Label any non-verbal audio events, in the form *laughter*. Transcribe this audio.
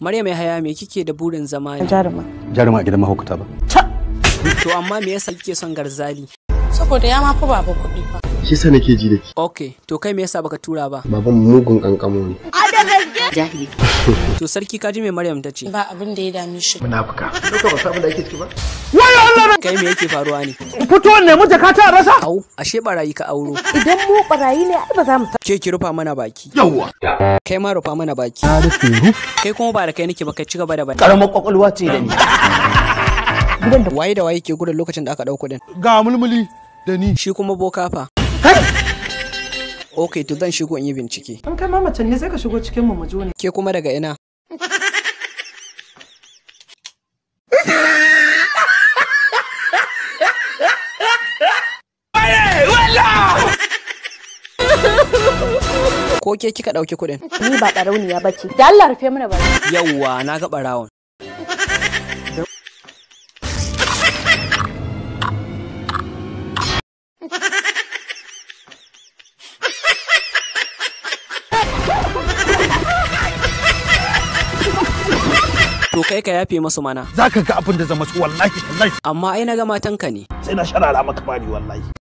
Maryam haya me kike da burin zama ne? Jaruma. Jaruma a gidan mahaukata ba. To amma me yasa kike son garzali? Saboda ya ma fa babu kuɗi fa. Shi sa nake ji da ki. Okay, to kai me yasa baka tura ba? Baban mugun kankamo ne. A da gaske. Jahili. To sarki ji me Maryam ta ce? Ba abin da ya dame shi. Munafuka. Ko ba san da kike ciki ba? kai me yake faruwa ne fito ne mu jaka ta rasa au ashe barayi ka auro idan mu barayi ne ai ba za mu ta ke ki rufa mana baki yawa kai ma rufa mana baki na rufe kai kuma ba da kai nake ba ka ci gaba da bani karamar kwakwalwa ce da ni waye da waye ke gudun lokacin da aka dauko din ga mulmuli da ni shi kuma boka fa ok to zan shigo in yi bincike an kai mamacin ne sai ka shigo cikin mu mu ne ke kuma daga ina *laughs* ko ke kika ɗauki kuɗin. Ni ba ɗarauniya ba ce. Da Allah rufe mana ba. Yawwa na ga ɓarawon. to kai ka yafe masu mana. Za ka ga abin da zama su wallahi wallahi. Amma ai na ga matanka ne. Sai na sharara maka bani wallahi.